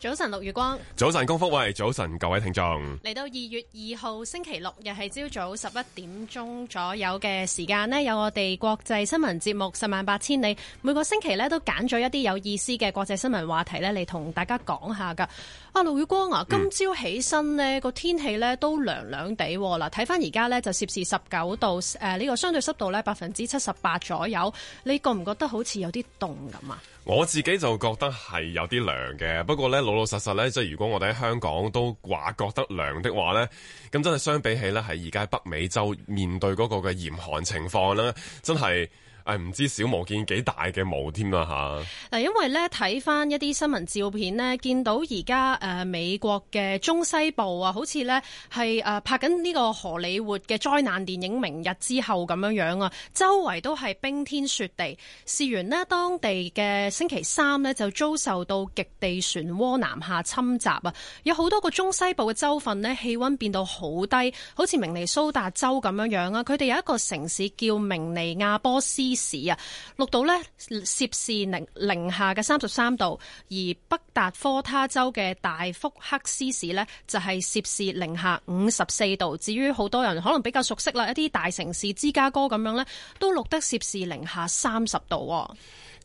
早晨，陸月光。早晨，龔福慧，早晨，各位聽眾。嚟到二月二號星期六日係朝早十一點鐘左右嘅時間咧，有我哋國際新聞節目《十萬八千里》，每個星期咧都揀咗一啲有意思嘅國際新聞話題咧嚟同大家講下噶。啊，陸月光啊，今朝起身咧個天氣咧都涼涼地嗱，睇翻而家咧就攝氏十九度，誒、呃、呢、呢個相對濕度咧百分之七十八左右。你覺唔覺得好似有啲凍咁啊？我自己就覺得係有啲涼嘅，不過咧。老老實實咧，即係如果我哋喺香港都話覺得涼的話咧，咁真係相比起咧，係而家北美洲面對嗰個嘅嚴寒情況咧，真係。誒，唔知小巫見幾大嘅巫添啦，吓。嗱、啊，因為咧睇翻一啲新聞照片咧，見到而家誒美國嘅中西部啊，好似咧係誒拍緊呢個荷里活嘅災難電影《明日之後》咁樣樣啊，周圍都係冰天雪地。事緣咧當地嘅星期三咧就遭受到極地漩渦南下侵襲啊，有好多個中西部嘅州份咧氣溫變到好低，好似明尼蘇達州咁樣樣啊。佢哋有一個城市叫明尼亞波斯。市啊，錄到攝氏零零下嘅三十三度，而北達科他州嘅大福克斯市呢就係攝氏零下五十四度。至於好多人可能比較熟悉啦，一啲大城市芝加哥咁樣呢都錄得攝氏零下三十度。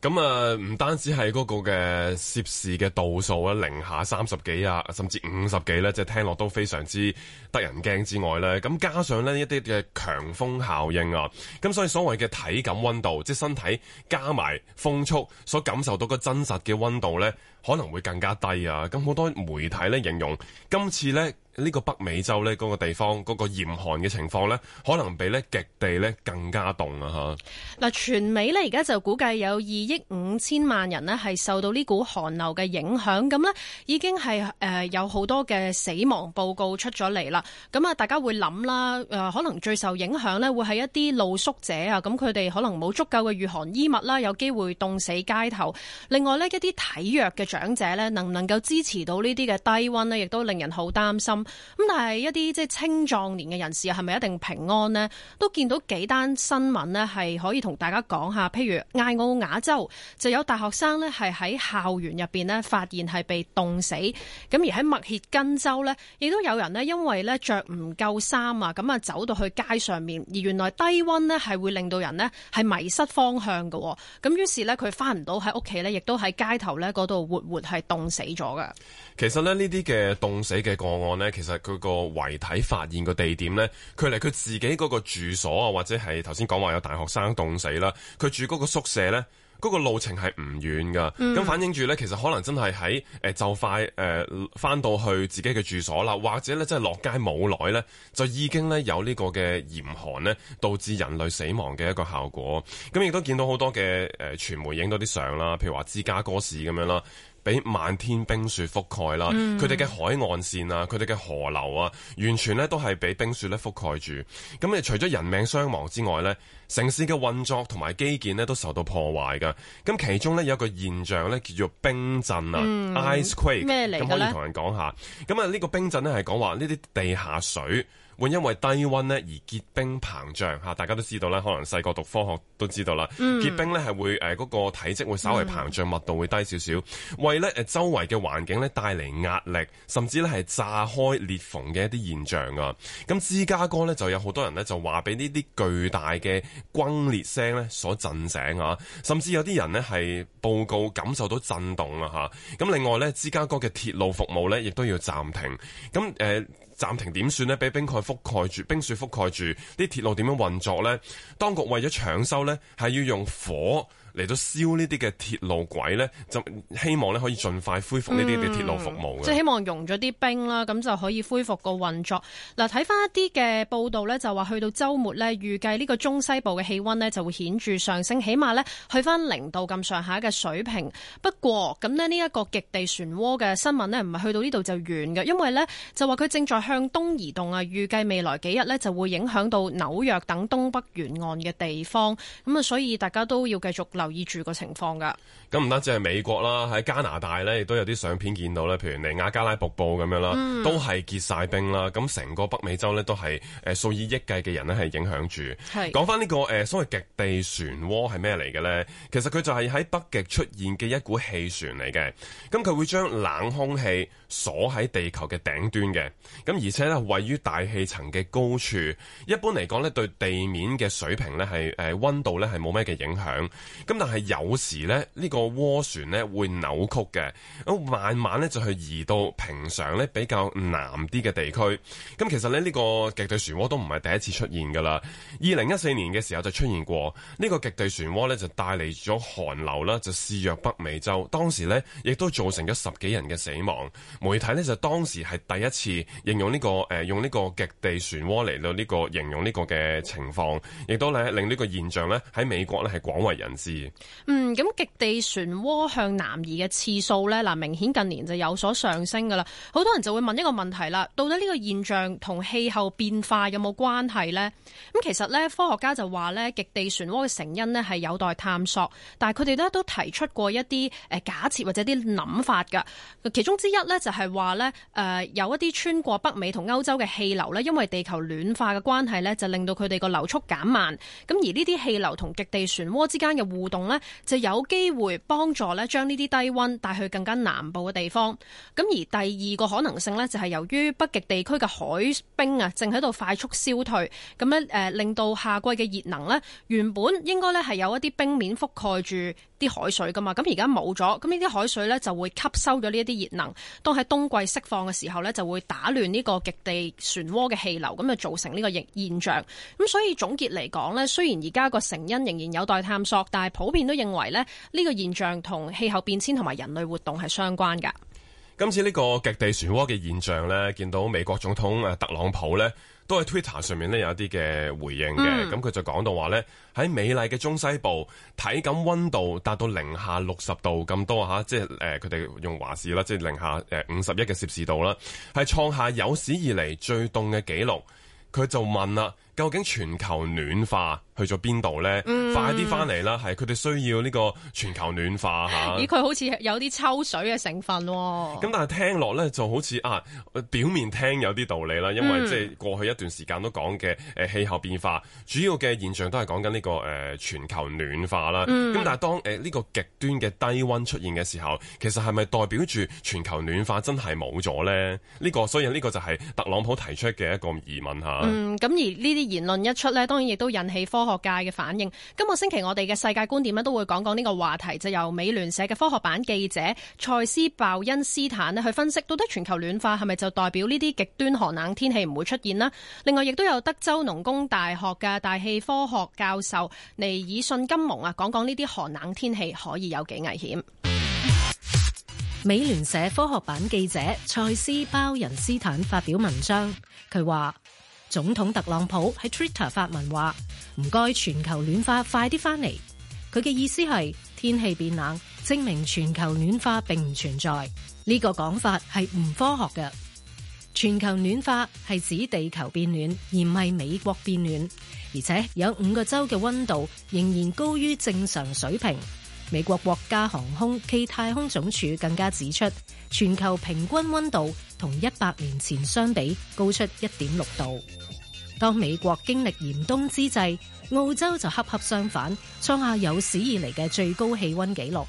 咁啊，唔單止係嗰個嘅攝氏嘅度數啊，零下三十幾啊，甚至五十幾咧，即係聽落都非常之得人驚之外咧，咁加上呢一啲嘅強風效應啊，咁所以所謂嘅體感溫度，即係身體加埋風速所感受到個真實嘅溫度咧，可能會更加低啊！咁好多媒體咧形容今次咧。呢個北美洲呢個地方嗰個嚴寒嘅情況呢，可能比呢極地呢更加凍啊！嗱，全美呢而家就估計有二億五千萬人呢係受到呢股寒流嘅影響，咁呢已經係誒有好多嘅死亡報告出咗嚟啦。咁啊，大家會諗啦，誒可能最受影響呢會係一啲露宿者啊，咁佢哋可能冇足夠嘅御寒衣物啦，有機會凍死街頭。另外呢，一啲體弱嘅長者呢，能唔能夠支持到呢啲嘅低溫呢？亦都令人好擔心。咁但係一啲即係青壯年嘅人士係咪一定平安呢？都見到幾單新聞呢，係可以同大家講下，譬如艾奧瓦州就有大學生呢係喺校園入邊呢發現係被凍死。咁而喺密歇根州呢，亦都有人呢因為呢着唔夠衫啊，咁啊走到去街上面，而原來低温呢係會令到人呢係迷失方向喎。咁於是呢，佢翻唔到喺屋企呢，亦都喺街頭呢嗰度活活係凍死咗㗎。其實呢，呢啲嘅凍死嘅個案呢，其實佢個遺體發現個地點咧，佢離佢自己嗰個住所啊，或者係頭先講話有大學生凍死啦，佢住嗰個宿舍咧，嗰、那個路程係唔遠噶。咁、嗯、反映住咧，其實可能真係喺誒就快誒返、呃、到去自己嘅住所啦，或者咧真係落街冇耐咧，就已經咧有呢個嘅嚴寒咧導致人類死亡嘅一個效果。咁亦都見到好多嘅誒、呃、傳媒影到啲相啦，譬如話芝加哥市咁樣啦。俾漫天冰雪覆蓋啦，佢哋嘅海岸線啊，佢哋嘅河流啊，完全咧都係俾冰雪咧覆蓋住。咁誒，除咗人命傷亡之外咧，城市嘅運作同埋基建咧都受到破壞嘅。咁其中咧有一個現象咧叫做冰震啊 icequake。咩嚟㗎咧？咁可以同人講下。咁啊，呢個冰震咧係講話呢啲地下水。會因為低溫而結冰膨脹嚇，大家都知道啦。可能細個讀科學都知道啦。Mm. 結冰呢係會誒嗰個體積會稍微膨脹，密度會低少少，為呢、呃、周圍嘅環境呢帶嚟壓力，甚至呢係炸開裂縫嘅一啲現象。咁芝加哥呢就有好多人呢就話俾呢啲巨大嘅轟裂聲呢所震醒啊，甚至有啲人呢係報告感受到震動啊。咁另外呢，芝加哥嘅鐵路服務呢亦都要暫停。咁誒。呃暫停點算呢，俾冰蓋覆蓋住，冰雪覆蓋住啲鐵路點樣運作呢？當局為咗搶修，呢係要用火。嚟到燒呢啲嘅鐵路軌呢，就希望咧可以盡快恢復呢啲嘅鐵路服務。即係、嗯就是、希望融咗啲冰啦，咁就可以恢復個運作。嗱，睇翻一啲嘅報道呢，就話去到週末呢，預計呢個中西部嘅氣温呢就會顯著上升，起碼呢去翻零度咁上下嘅水平。不過咁呢，呢一個極地漩渦嘅新聞呢，唔係去到呢度就完嘅，因為呢就話佢正在向東移動啊，預計未來幾日呢就會影響到紐約等東北沿岸嘅地方。咁啊，所以大家都要繼續留意。留意住個情況噶，咁唔單止係美國啦，喺加拿大咧，亦都有啲相片見到咧，譬如尼亞加拉瀑布咁樣啦，嗯、都係結晒冰啦。咁成個北美洲咧，都係誒、呃、數以億計嘅人咧，係影響住。講翻呢個誒、呃、所謂極地漩渦係咩嚟嘅咧？其實佢就係喺北極出現嘅一股氣旋嚟嘅。咁、嗯、佢會將冷空氣鎖喺地球嘅頂端嘅。咁、嗯、而且咧，位於大氣層嘅高處，一般嚟講咧，對地面嘅水平咧係誒温度咧係冇咩嘅影響。咁、嗯但係有時咧，呢個渦旋咧會扭曲嘅，咁慢慢咧就去移到平常咧比較南啲嘅地區。咁其實咧呢個極地漩渦都唔係第一次出現噶啦。二零一四年嘅時候就出現過，呢、這個極地漩渦咧就帶嚟咗寒流啦，就肆虐北美洲。當時咧亦都造成咗十幾人嘅死亡。媒體咧就當時係第一次應用，這個呃用這個，形容呢個誒用呢個極地漩渦嚟到呢個形容呢個嘅情況，亦都咧令呢個現象咧喺美國咧係廣為人知。嗯，咁極地漩渦向南移嘅次數呢，嗱，明顯近年就有所上升噶啦。好多人就會問一個問題啦，到底呢個現象同氣候變化有冇關係呢？咁其實呢，科學家就話呢，極地漩渦嘅成因呢係有待探索，但係佢哋呢都提出過一啲誒，假設或者啲諗法噶。其中之一呢，就係話呢誒，有一啲穿過北美同歐洲嘅氣流呢，因為地球暖化嘅關係呢，就令到佢哋個流速減慢，咁而呢啲氣流同極地漩渦之間嘅互動，活動咧就有機會幫助咧將呢啲低溫帶去更加南部嘅地方。咁而第二個可能性呢，就係由於北極地區嘅海冰啊，正喺度快速消退，咁咧誒令到夏季嘅熱能呢，原本應該咧係有一啲冰面覆蓋住。啲海水噶嘛，咁而家冇咗，咁呢啲海水呢，就會吸收咗呢一啲熱能，當喺冬季釋放嘅時候呢，就會打亂呢個極地漩渦嘅氣流，咁就造成呢個現象。咁所以總結嚟講呢，雖然而家個成因仍然有待探索，但係普遍都認為呢，呢個現象同氣候變遷同埋人類活動係相關㗎。今次呢個極地漩渦嘅現象呢，見到美國總統啊特朗普呢。都係 Twitter 上面咧，有一啲嘅回應嘅，咁佢、嗯、就講到話咧，喺美麗嘅中西部體感溫度達到零下六十度咁多吓，即係誒佢哋用華氏啦，即係零下誒五十一嘅攝氏度啦，係創下有史以嚟最凍嘅紀錄。佢就問啦，究竟全球暖化去咗邊度咧？嗯、快啲翻嚟啦！係佢哋需要呢個全球暖化嚇。咦、啊？佢好似有啲抽水嘅成分喎、哦。咁、嗯、但係聽落咧就好似啊，表面聽有啲道理啦。因為即係過去一段時間都講嘅誒氣候變化，主要嘅現象都係講緊呢個、呃、全球暖化啦。咁、啊嗯、但係當呢、呃呢個極端嘅低溫出現嘅時候，其實係咪代表住全球暖化真係冇咗咧？呢、呢個所以呢個就係特朗普提出嘅一個疑問嚇、啊、嗯，咁而呢啲言論一出咧，當然亦都引起科學界嘅反應，今個星期我哋嘅世界觀點都會講講呢個話題，就由美聯社嘅科學版記者賽斯鮑仁斯坦去分析，到底全球暖化係咪就代表呢啲極端寒冷天氣唔會出現呢？另外，亦都有德州農工大學嘅大氣科學教授尼爾遜甘蒙啊，講講呢啲寒冷天氣可以有幾危險。美聯社科學版記者賽斯鮑仁斯坦發表文章，佢話。總統特朗普喺 Twitter 發文話：唔該，全球暖化快啲翻嚟。佢嘅意思係天氣變冷，證明全球暖化並唔存在。呢個講法係唔科學嘅。全球暖化係指地球變暖，而唔係美國變暖。而且有五個州嘅溫度仍然高於正常水平。美國國家航空暨太空總署更加指出，全球平均溫度同一百年前相比高出一點六度。當美國經歷嚴冬之際，澳洲就恰恰相反，創下有史以嚟嘅最高氣溫紀錄。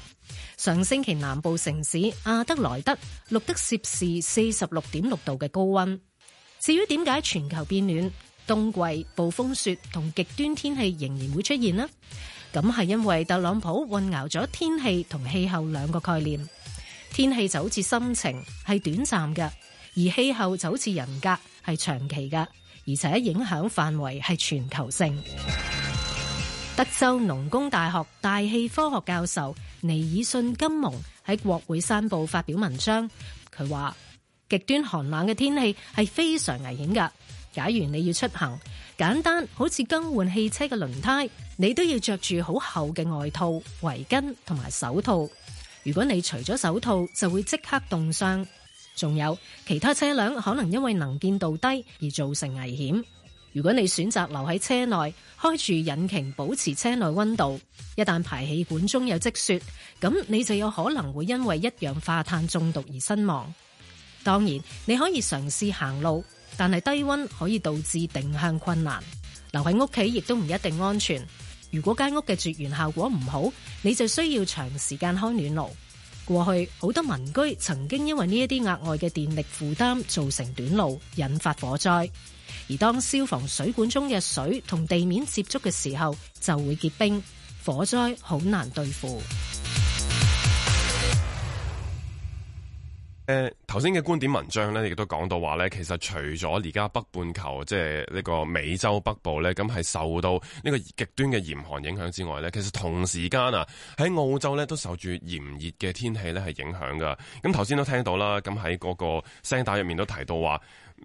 上星期南部城市阿德萊德錄得攝氏四十六點六度嘅高温。至於點解全球變暖，冬季暴風雪同極端天氣仍然會出現呢？咁係因為特朗普混淆咗天氣同氣候兩個概念。天氣就好似心情，係短暫嘅；而氣候就好似人格，係長期嘅，而且影響範圍係全球性。德州農工大學大氣科學教授尼爾遜甘蒙喺國會山報發表文章，佢話極端寒冷嘅天氣係非常危險嘅。假如你要出行，簡單好似更換汽車嘅輪胎，你都要着住好厚嘅外套、圍巾同埋手套。如果你除咗手套，就會即刻凍傷。仲有，其他車輛可能因為能見度低而造成危險。如果你選擇留喺車內，開住引擎保持車內溫度，一旦排氣管中有積雪，咁你就有可能會因為一氧化碳中毒而身亡。當然，你可以嘗試行路。但係低溫可以導致定向困難，留喺屋企亦都唔一定安全。如果間屋嘅絕緣效果唔好，你就需要長時間開暖爐。過去好多民居曾經因為呢一啲額外嘅電力負擔造成短路，引發火災。而當消防水管中嘅水同地面接觸嘅時候，就會結冰，火災好難對付。誒頭先嘅觀點文章咧，亦都講到話咧，其實除咗而家北半球即係呢個美洲北部咧，咁係受到呢個極端嘅嚴寒影響之外咧，其實同時間啊喺澳洲咧都受住炎熱嘅天氣咧係影響噶。咁頭先都聽到啦，咁喺嗰個聲帶入面都提到話。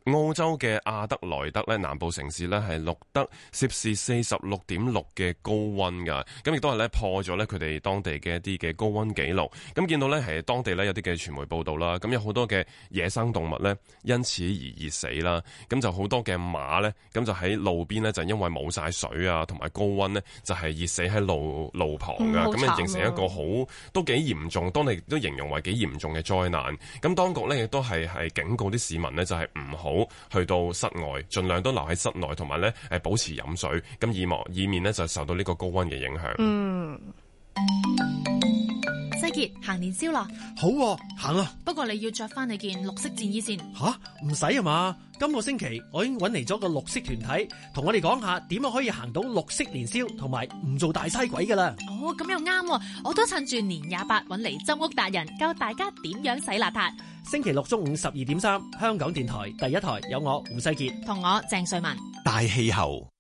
澳洲嘅阿德萊德咧，南部城市咧，係錄得攝氏四十六點六嘅高溫噶，咁亦都係咧破咗咧佢哋當地嘅一啲嘅高溫記錄。咁見到咧係當地咧有啲嘅傳媒報道啦，咁有好多嘅野生動物咧因此而熱死啦，咁就好多嘅馬咧，咁就喺路邊咧就因為冇晒水、嗯、啊，同埋高溫咧就係熱死喺路路旁噶，咁啊形成一個好都幾嚴重，當地都形容為幾嚴重嘅災難。咁當局咧亦都係係警告啲市民呢，就係唔。好，去到室外，盡量都留喺室內，同埋呢，誒保持飲水，咁以以免呢就受到呢個高溫嘅影響。嗯行年宵咯。好啊，行啊！不過你要着翻你件綠色戰衣先吓，唔使啊嘛！今個星期我已經揾嚟咗個綠色團體，同我哋講下點樣可以行到綠色年宵，同埋唔做大西鬼噶啦。哦，咁又啱，我都趁住年廿八揾嚟針屋達人，教大家點樣洗邋遢。星期六中午十二點三，3, 香港電台第一台有我胡世杰同我鄭瑞文大氣候。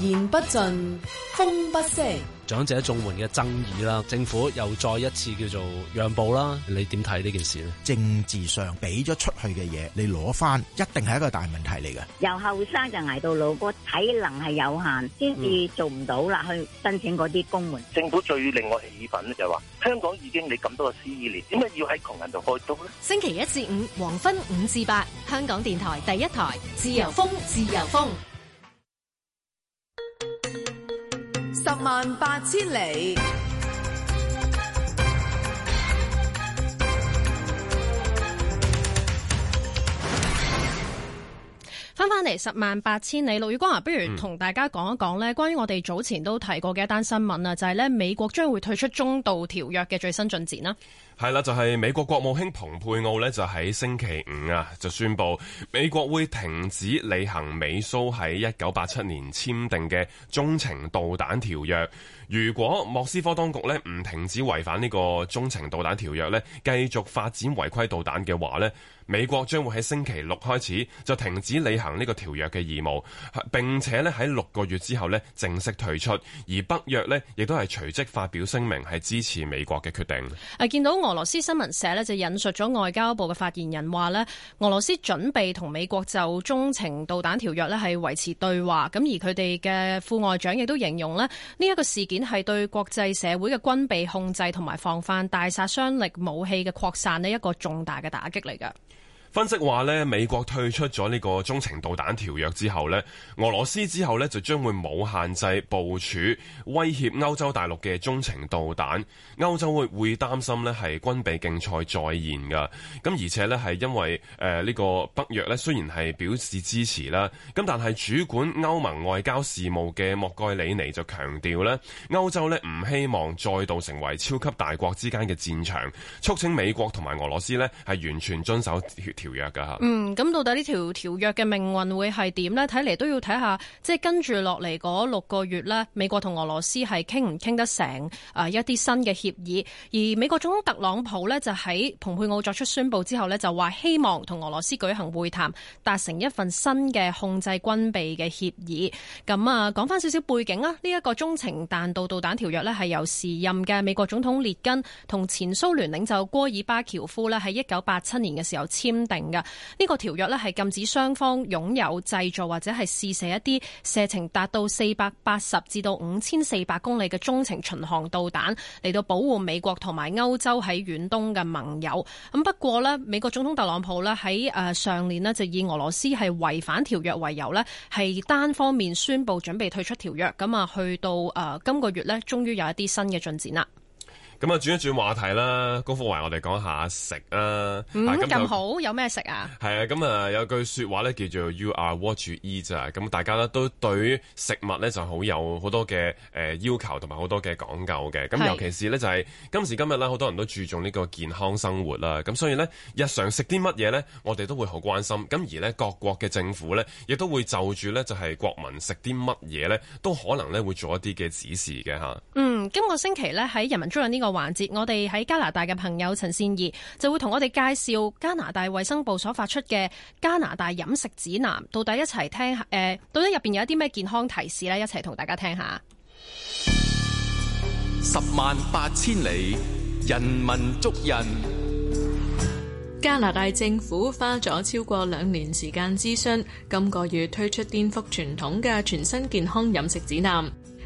言不盡，風不息。長者綜援嘅爭議啦，政府又再一次叫做讓步啦，你點睇呢件事咧？政治上俾咗出去嘅嘢，你攞翻，一定係一個大問題嚟嘅。由後生就捱到老，個體能係有限，先至做唔到啦，去申請嗰啲綜援。政府最令我氣憤咧，就話香港已經你咁多個施年，點解要喺窮人度開刀咧？星期一至五黃昏五至八，香港電台第一台，自由風，自由風。十萬八千里。翻翻嚟十萬八千里，路，宇光啊，不如同大家講一講咧，嗯、關於我哋早前都提過嘅一單新聞啊，就係、是、咧美國將會退出中導條約嘅最新進展啦。係啦，就係、是、美國國務卿蓬佩奧咧，就喺星期五啊，就宣佈美國會停止履行美蘇喺一九八七年簽訂嘅中程導彈條約。如果莫斯科當局咧唔停止違反呢個中程導彈條約咧，繼續發展違規導彈嘅話咧。美國將會喺星期六開始就停止履行呢個條約嘅義務，係並且呢喺六個月之後呢正式退出。而北約呢亦都係隨即發表聲明，係支持美國嘅決定。誒，見到俄羅斯新聞社呢就引述咗外交部嘅發言人話呢，俄羅斯準備同美國就中程導彈條約呢係維持對話。咁而佢哋嘅副外長亦都形容咧呢一個事件係對國際社會嘅軍備控制同埋防範大殺傷力武器嘅擴散呢一個重大嘅打擊嚟㗎。分析話呢，美國退出咗呢個中程導彈條約之後呢，俄羅斯之後呢，就將會冇限制部署威脅歐洲大陸嘅中程導彈，歐洲會會擔心呢係軍備競賽再現㗎。咁而且呢，係因為誒呢個北約呢，雖然係表示支持啦，咁但係主管歐盟外交事務嘅莫蓋里尼就強調呢，歐洲呢唔希望再度成為超級大國之間嘅戰場，促請美國同埋俄羅斯呢係完全遵守條約噶吓，嗯，咁到底呢條條約嘅命運會係點呢？睇嚟都要睇下，即係跟住落嚟嗰六個月呢，美國同俄羅斯係傾唔傾得成誒，一啲新嘅協議。而美國總統特朗普呢，就喺蓬佩奧作出宣布之後呢，就話希望同俄羅斯舉行會談，達成一份新嘅控制軍備嘅協議。咁啊，講翻少少背景啊，呢一個中程彈道導彈條約呢，係由時任嘅美國總統列根同前蘇聯領袖戈爾巴喬夫呢，喺一九八七年嘅時候簽訂。嘅呢個條約呢係禁止雙方擁有製造或者係試射一啲射程達到四百八十至到五千四百公里嘅中程巡航導彈嚟到保護美國同埋歐洲喺遠東嘅盟友。咁不過呢，美國總統特朗普呢喺誒上年呢就以俄羅斯係違反條約為由呢，係單方面宣布準備退出條約。咁啊，去到誒今個月呢，終於有一啲新嘅進展啦。咁啊，轉一轉話題啦，高福華，我哋講下食啦。咁咁好，有咩食啊？係啊，咁啊，有句說話咧，叫做 You are what you eat。咁、嗯、大家咧都對食物咧就好有好多嘅、誒要求，同埋好多嘅講究嘅。咁尤其是咧，就係今時今日咧，好多人都注重呢個健康生活啦。咁所以咧，日常食啲乜嘢咧，我哋都會好關心。咁而咧，各國嘅政府咧，亦都會就住咧就係國民食啲乜嘢咧，都可能咧會做一啲嘅指示嘅吓。嗯。今個星期咧喺人文足印呢個環節，我哋喺加拿大嘅朋友陳善宜就會同我哋介紹加拿大衛生部所發出嘅加拿大飲食指南，到底一齊聽下誒、呃，到底入邊有一啲咩健康提示呢？一齊同大家聽下。十萬八千里，人文足印。加拿大政府花咗超過兩年時間諮詢，今個月推出顛覆傳統嘅全新健康飲食指南。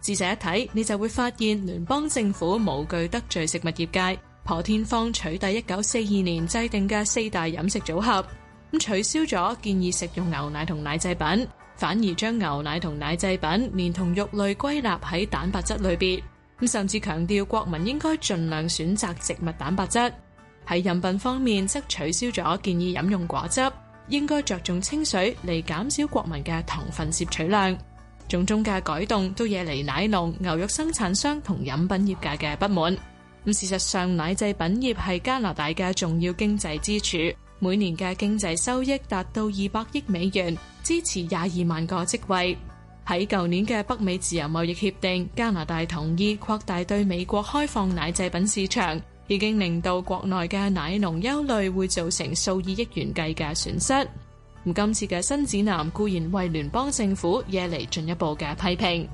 仔細一睇，你就會發現聯邦政府無懼得罪食物業界，破天荒取締一九四二年制定嘅四大飲食組合，咁取消咗建議食用牛奶同奶製品，反而將牛奶同奶製品連同肉類歸納喺蛋白質裏邊，咁甚至強調國民應該盡量選擇植物蛋白質。喺飲品方面，則取消咗建議飲用果汁，應該着重清水嚟減少國民嘅糖分攝取量。種種嘅改動都惹嚟奶農、牛肉生產商同飲品業界嘅不滿。咁事實上，奶製品業係加拿大嘅重要經濟支柱，每年嘅經濟收益達到二百億美元，支持廿二萬個職位。喺舊年嘅北美自由貿易協定，加拿大同意擴大對美國開放奶製品市場，已經令到國內嘅奶農憂慮會造成數以億元計嘅損失。今次嘅新指南固然為聯邦政府惹嚟進一步嘅批評。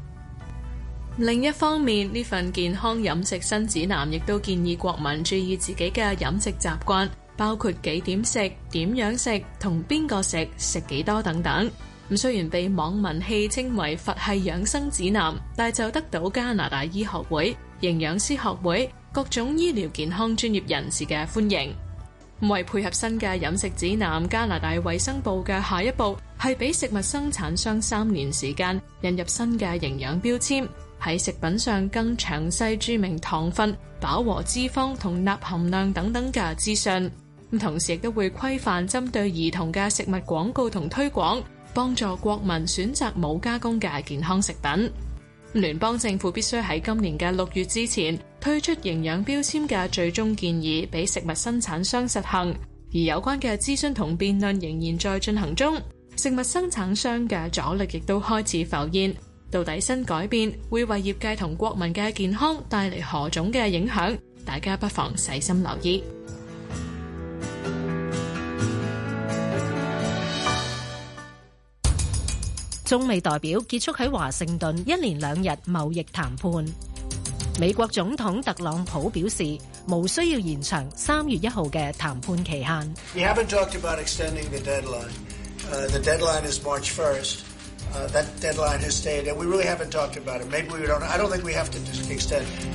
另一方面，呢份健康飲食新指南亦都建議國民注意自己嘅飲食習慣，包括幾點食、點樣食、同邊個食、食幾多等等。咁雖然被網民戲稱為佛系養生指南，但就得到加拿大醫學會、營養師學會各種醫療健康專業人士嘅歡迎。為配合新嘅飲食指南，加拿大衛生部嘅下一步係俾食物生產商三年時間引入新嘅營養標籤，喺食品上更詳細注明糖分、飽和脂肪同鈉含量等等嘅資訊。同時亦都會規範針對兒童嘅食物廣告同推廣，幫助國民選擇冇加工嘅健康食品。聯邦政府必須喺今年嘅六月之前推出營養標籤嘅最終建議，俾食物生產商實行。而有關嘅諮詢同辯論仍然在進行中，食物生產商嘅阻力亦都開始浮現。到底新改變會為業界同國民嘅健康帶嚟何種嘅影響？大家不妨細心留意。中美代表結束喺華盛頓一連兩日貿易談判。美國總統特朗普表示，冇需要延長三月一號嘅談判期限。We haven't talked about extending the deadline. The deadline is March 1st. That deadline has stayed, and we really haven't talked about it. Maybe we don't. I don't think we have to extend it.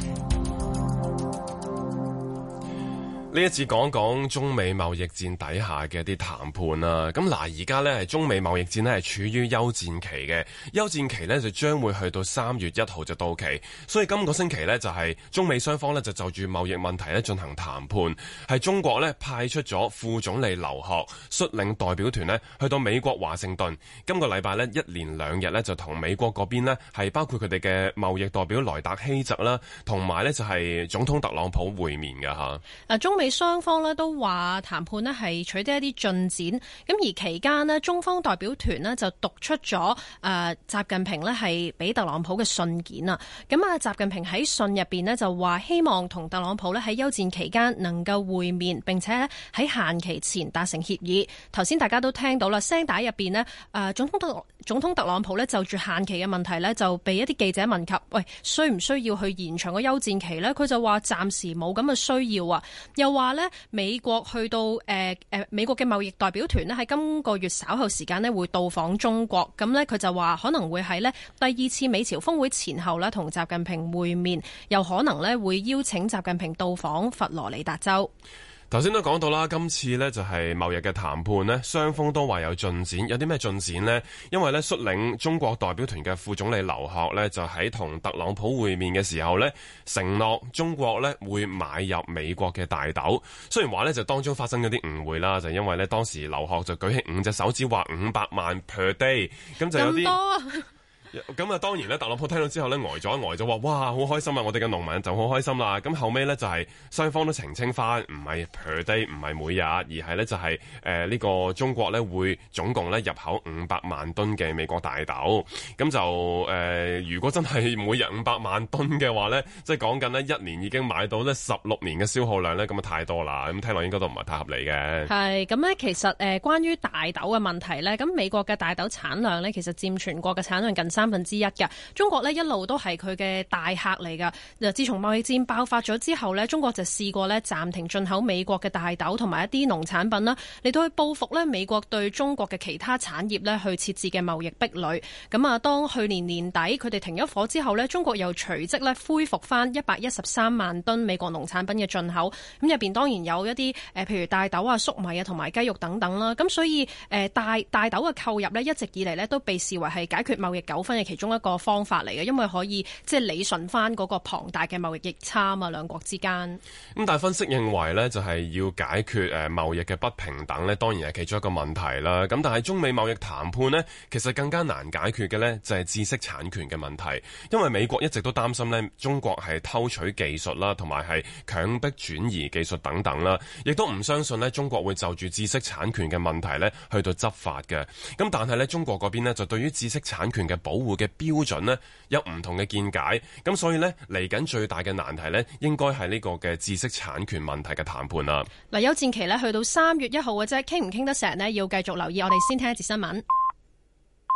呢一次講一講中美貿易戰底下嘅一啲談判啦、啊，咁嗱而家呢中美貿易戰咧係處於休戰期嘅，休戰期呢就將會去到三月一號就到期，所以今個星期呢，就係、是、中美雙方呢，就就住貿易問題咧進行談判，係中國呢派出咗副總理劉鶴率領代表團呢去到美國華盛頓，今個禮拜呢，一連兩日呢，就同美國嗰邊咧係包括佢哋嘅貿易代表萊達希澤啦，同埋呢就係、是、總統特朗普會面嘅嚇。啊、中美。雙方咧，都話談判咧係取得一啲進展，咁而期間中方代表團就讀出咗誒習近平咧係俾特朗普嘅信件啊，咁啊習近平喺信入邊就話希望同特朗普喺休戰期間能夠會面，並且喺限期前達成協議。頭先大家都聽到啦，聲帶入邊咧，誒，總統特總統特朗普呢就住限期嘅問題呢就俾一啲記者問及，喂，需唔需要去延長個休戰期呢？佢就話暫時冇咁嘅需要啊。又話呢，美國去到誒、呃呃、美國嘅貿易代表團呢喺今個月稍後時間呢會到訪中國。咁呢，佢就話可能會喺呢第二次美朝峰會前後呢同習近平會面，又可能呢會邀請習近平到訪佛羅里達州。頭先都講到啦，今次呢就係貿易嘅談判呢雙方都話有進展，有啲咩進展呢？因為呢，率領中國代表團嘅副總理劉鶴呢，就喺同特朗普會面嘅時候呢，承諾中國呢會買入美國嘅大豆。雖然話呢，就當中發生咗啲誤會啦，就係、因為呢，當時劉鶴就舉起五隻手指話五百萬 per day，咁就有啲。咁啊，當然咧，特朗普聽到之後咧，呆咗呆咗，話哇，好開心啊！我哋嘅農民就好開心啦、啊。咁後尾咧就係、是、雙方都澄清翻，唔係 per day，唔係每日，而係咧就係、是、呢、呃呢個中國咧會總共咧入口五百萬噸嘅美國大豆。咁就誒、呃，如果真係每日五百萬噸嘅話咧，即係講緊呢一年已經買到呢十六年嘅消耗量咧，咁啊太多啦。咁聽落應該都唔係太合理嘅。係，咁咧其實誒關於大豆嘅問題咧，咁美國嘅大豆產量咧，其實佔全國嘅產量近三分之一嘅，中國呢，一路都係佢嘅大客嚟㗎。那自從貿易戰爆發咗之後呢，中國就試過呢暫停進口美國嘅大豆同埋一啲農產品啦，嚟到去報復呢美國對中國嘅其他產業呢去設置嘅貿易壁壘。咁啊，當去年年底佢哋停咗火之後呢，中國又隨即呢恢復翻一百一十三萬噸美國農產品嘅進口。咁入邊當然有一啲誒，譬如大豆啊、粟米啊、同埋雞肉等等啦。咁所以誒大大豆嘅購入呢，一直以嚟呢都被視為係解決貿易糾紛分其中一個方法嚟嘅，因為可以即係理順翻嗰個龐大嘅貿易逆差啊嘛，兩國之間。咁但係分析認為呢，就係要解決誒貿易嘅不平等呢。當然係其中一個問題啦。咁但係中美貿易談判呢，其實更加難解決嘅呢，就係知識產權嘅問題，因為美國一直都擔心呢，中國係偷取技術啦，同埋係強迫轉移技術等等啦，亦都唔相信呢，中國會就住知識產權嘅問題呢去到執法嘅。咁但係呢，中國嗰邊呢，就對於知識產權嘅保保護嘅標準呢，有唔同嘅見解，咁所以呢，嚟緊最大嘅難題呢，應該係呢個嘅知識產權問題嘅談判啦。嗱，呃，休戰期呢，去到三月一號嘅啫，傾唔傾得成呢？要繼續留意。我哋先聽一節新聞。